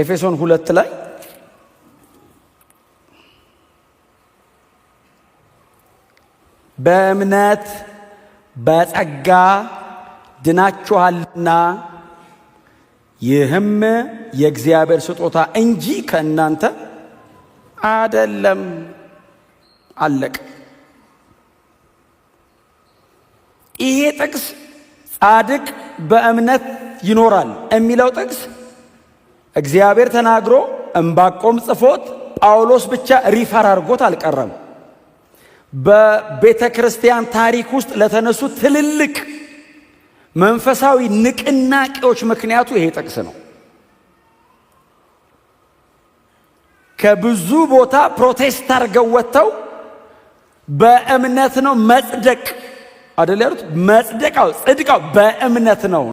ኤፌሶን ሁለት ላይ በእምነት በጸጋ ድናችኋልና ይህም የእግዚአብሔር ስጦታ እንጂ ከእናንተ አደለም። አለቅ ይሄ ጥቅስ ጻድቅ በእምነት ይኖራል የሚለው ጥቅስ እግዚአብሔር ተናግሮ እምባቆም ጽፎት ጳውሎስ ብቻ ሪፈር አድርጎት አልቀረም። በቤተ ክርስቲያን ታሪክ ውስጥ ለተነሱ ትልልቅ መንፈሳዊ ንቅናቄዎች ምክንያቱ ይሄ ጥቅስ ነው። ከብዙ ቦታ ፕሮቴስት አድርገው ወጥተው በእምነት ነው መጽደቅ አይደል ያሉት? መጽደቃው ጽድቃው በእምነት ነው።